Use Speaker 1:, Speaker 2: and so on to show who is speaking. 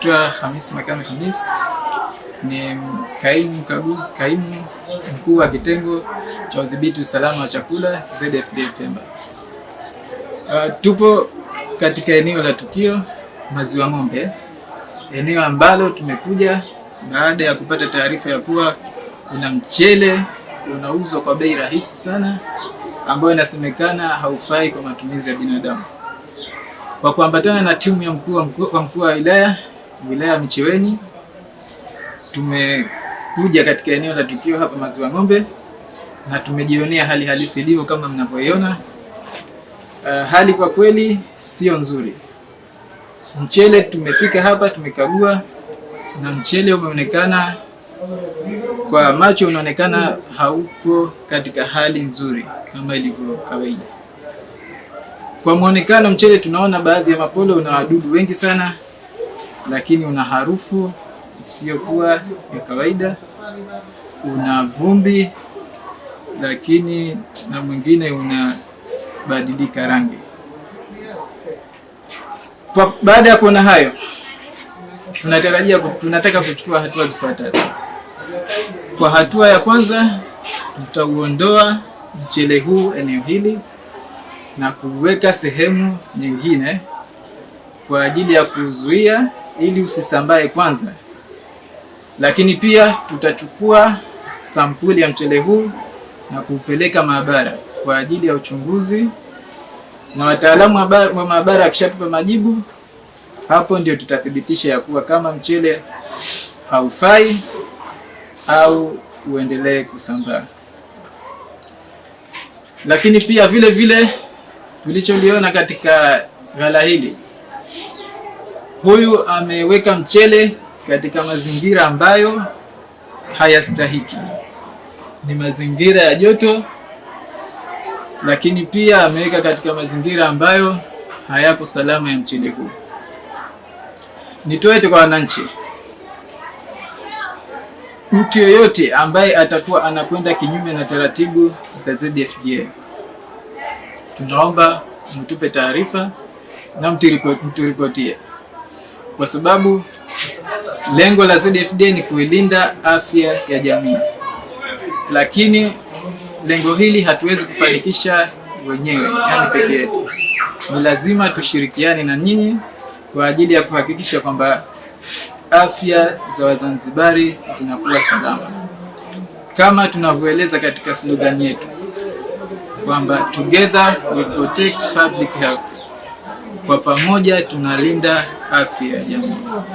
Speaker 1: Naitwa Hamis Makame Hamis, ni kaimu kaguzi, kaimu mkuu wa kitengo cha udhibiti usalama wa chakula ZFD Pemba. Uh, tupo katika eneo la tukio Maziwa Ng'ombe, eneo ambalo tumekuja baada ya kupata taarifa ya kuwa kuna mchele unauzwa kwa bei rahisi sana ambayo inasemekana haufai kwa matumizi ya binadamu. Kwa kuambatana na timu ya mkuu wa mkuu wa wilaya wilaya Micheweni. Tumekuja katika eneo la tukio hapa Maziwa Ng'ombe na tumejionea hali halisi ilivyo kama mnavyoiona. Uh, hali kwa kweli sio nzuri. Mchele tumefika hapa tumekagua, na mchele umeonekana kwa macho, unaonekana hauko katika hali nzuri kama ilivyo kawaida. Kwa mwonekano mchele tunaona baadhi ya mapolo una wadudu wengi sana lakini una harufu isiyokuwa ya kawaida, una vumbi, lakini na mwingine unabadilika rangi. Kwa baada ya kuona hayo, tunatarajia tunataka kuchukua hatua zifuatazo. Kwa hatua ya kwanza, tutauondoa mchele huu eneo hili na kuweka sehemu nyingine kwa ajili ya kuzuia ili usisambae kwanza. Lakini pia tutachukua sampuli ya mchele huu na kuupeleka maabara kwa ajili ya uchunguzi, na wataalamu wa maabara wakishatupa majibu, hapo ndio tutathibitisha ya kuwa kama mchele haufai au uendelee kusambaa. Lakini pia vile vile tulicholiona katika ghala hili Huyu ameweka mchele katika mazingira ambayo hayastahiki, ni mazingira ya joto, lakini pia ameweka katika mazingira ambayo hayapo salama ya mchele huu. Nitoe kwa wananchi, mtu yoyote ambaye atakuwa anakwenda kinyume na taratibu za ZFDA, tunaomba mtupe taarifa na mturipotie kwa sababu lengo la ZFD ni kuilinda afya ya jamii, lakini lengo hili hatuwezi kufanikisha wenyewe, yani peke yetu. Ni lazima tushirikiane na nyinyi kwa ajili ya kuhakikisha kwamba afya za Wazanzibari zinakuwa salama, kama tunavyoeleza katika slogan yetu kwamba together we protect public health. Kwa pamoja tunalinda afya ya jamii.